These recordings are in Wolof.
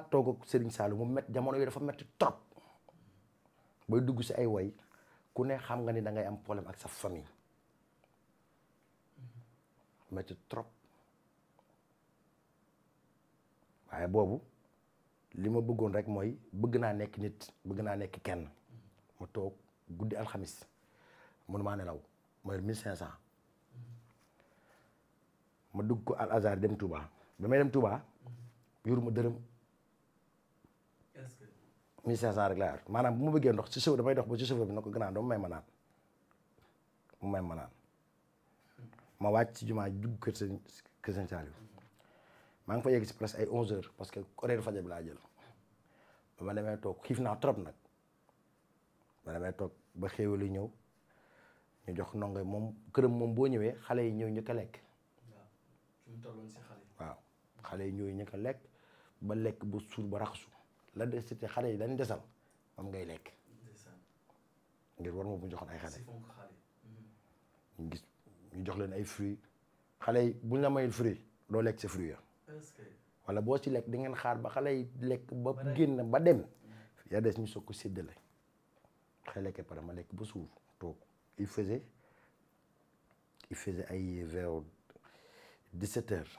toog ak Serigne Saliou mu met jamono yi dafa metti trop bay dugg si ay way ku ne xam nga ni dangay am problème ak sa famille metti trop waaye boobu li ma bëggoon rek mooy bëgg naa nekk nit bëgg naa nekk kenn mu toog guddi alxamis mënu maa nelaw mooy mille cinq ma dugg ko al azar dem Touba ba may dem Touba yuruma dërëm 1500 rek laa yor maanaam bu ma bëggee ndox ci chauffeur damay dox ba ci bi na ko doomu may ma naan ma naan ma ci jumaa dugg kër sëñ kër sëñ maa ngi fa yegg si presque ay 11 heures que horaire fajar bi laa jël ba ma demee toog xiif naa trop nag ma demee toog ba xéewal yi ñëw ñu jox ndongo moom këram moom boo ñëwee xale yi ñëw ñu ko lekk. waaw xale yi ñëw ñu ko lekk ba lekk ba suur ba raxasu la desité xale yi dañ desal moom ngay lekk ngir war ma bu joxoon ay xale ñu gis ñu jox leen ay fruits xale yi bu na mayul fruit doo lekk sa fruit ya wala boo ci lekk di ngeen xaar ba xale yi lekk ba génn ba dem yaa des ñu soog ko séddale xale lekkee pare ma lekk ba suuf toog il faisait il faisait ay vers 17 heures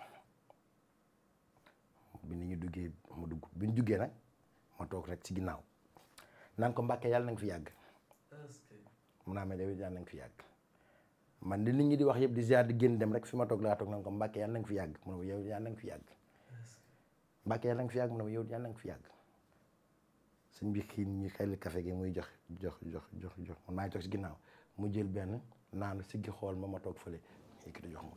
bi ni ñu duggee ma dugg bi ñu duggee nag ma toog rek ci ginnaaw naan ko Mbàkke yàlla na fi yàgg naa amee yàlla na nga fi yàgg man di nit ñi di wax yëpp di ziar di génn dem rek fi ma toog laa toog naan ko Mbàkke yàlla na fi yàgg mu ne ma yow yàlla nga fi yàgg Mbàkke yàlla fi yàgg mu yow yàlla na fi yàgg sëñ bi xiin ñi xel kafe gi muy jox jox jox jox jox man maa ngi toog ci ginnaaw mu jël benn naan siggi xool ma ma toog fële yëkkati jox ma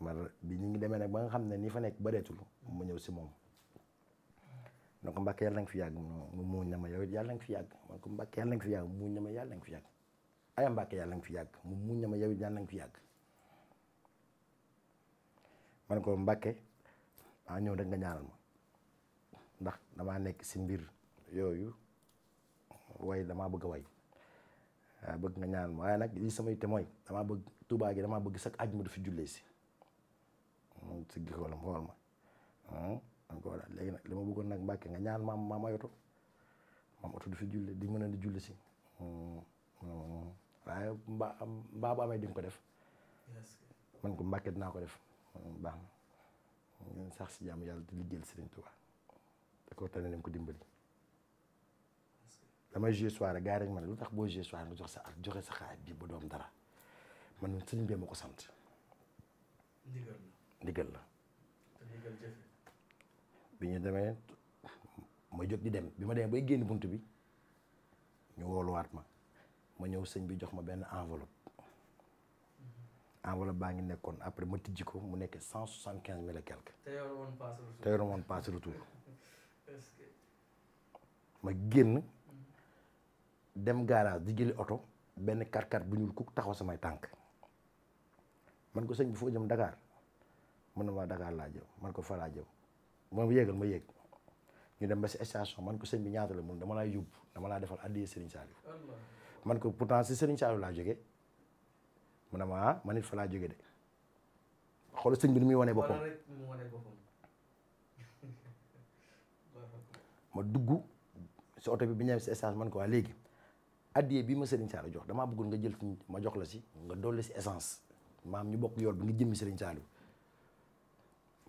mar bii ñu ngi demee nag ba nga xam ne nii fa nekk bëreetul mu ñëw si moom na ko fi yàgg mu muuñ na ma yow it nga fi yàgg man ko mbàkk yàlla nga fi yàgg muuñ na ma yàlla nga fi yàgg ay mbàkk yàlla fi yàgg mu muuñ na ma yow it yàlla nga fi ah, ñëw rek nga ñaanal nekk si mbir yooyu way damaa bëgg a way ah, bëgg nga ñaanal ma waaye nag lii sama yitte mooy damaa bëgg Tuubaa gi damaa bëgg sax àjjuma du fi jullee si si gikoolam hmm? ko daal léegi nag li ma bëggoon nag Mbàkke nga ñaan ma maam ay oto maam oto du fi julli di ma a di julli si hmm. Hmm. waaye mbaa mbaa bu amee ko def man ko Mbàkke dinaa ko def sax si jàmm yàlla di liggéeyal Sëriñ Tuubaa da ko tane nañ ko dimbali damay ma ne lu tax boo joué soirée nga jox sa at joxe sa xaalis bi doom dara man sëriñ bi ma ko sant ndigal bi ñu demee ma jot di dem bi ma demee bay génn bunt bi ñu wooluwaat ma ma ñëw sëñ bi jox ma benn enveloppe enveloppe baa ngi nekkoon après ma tijji ko mu nekk cent soixante quinze mille et quelque te yoroon woon ma génn dem garage di jëli oto benn kar-kar bu ñuul ku taxaw samay tànk man ko sëñ bi foo jëm Dakar mën na ma Dakar laa jëm man ko fa laa jëm moom mu yéegal ma yéeg ñu dem ba si station man ko sëñ bi ñaata la mun dama laa yóbbu dama laa defal addiya Serigne Saliou man ko pourtant si Serigne Saliou laa jógee mu ma ah man it de xool sëñ bi muy wane boppam ma dugg si bi bi ñëwee si station man ko waa léegi addiya bii ma Serigne Saliou jox damaa bëggoon nga jël ma jox la si nga dolli si essence maam ñu bokk yoon bi nga jëmmi Serigne Saliou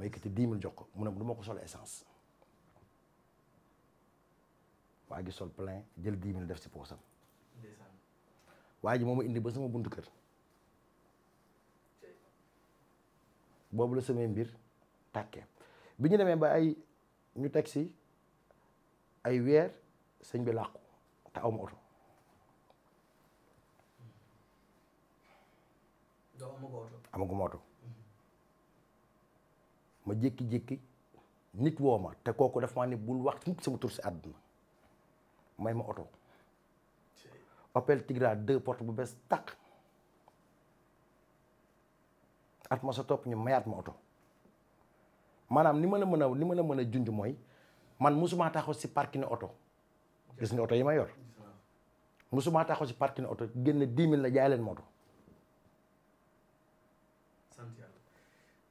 ma yi dix mille jox ko mu ne du ma ko sol essence waa gi sol plein jël dix mille def si poosam waa ji mooma indi ba sama buntu kër boobu la samay mbir tàkkee bi ñu demee ba ay ñu teg si ay weer sëñ bi làqu te aw oto ma jékki-jékki nit woo ma te kooku daf maa ne bul wax mukk sama tur si àdduna may ma oto Opel Tigra deux portes bu bees tàq at ma sa topp ñu mayaat ma oto maanaam li man a mën a li ma la mën a junj mooy man musuma taxaw si parking oto gis nga oto yi ma yor musuma taxaw si parking oto génn dix mille la jaay leen ma oto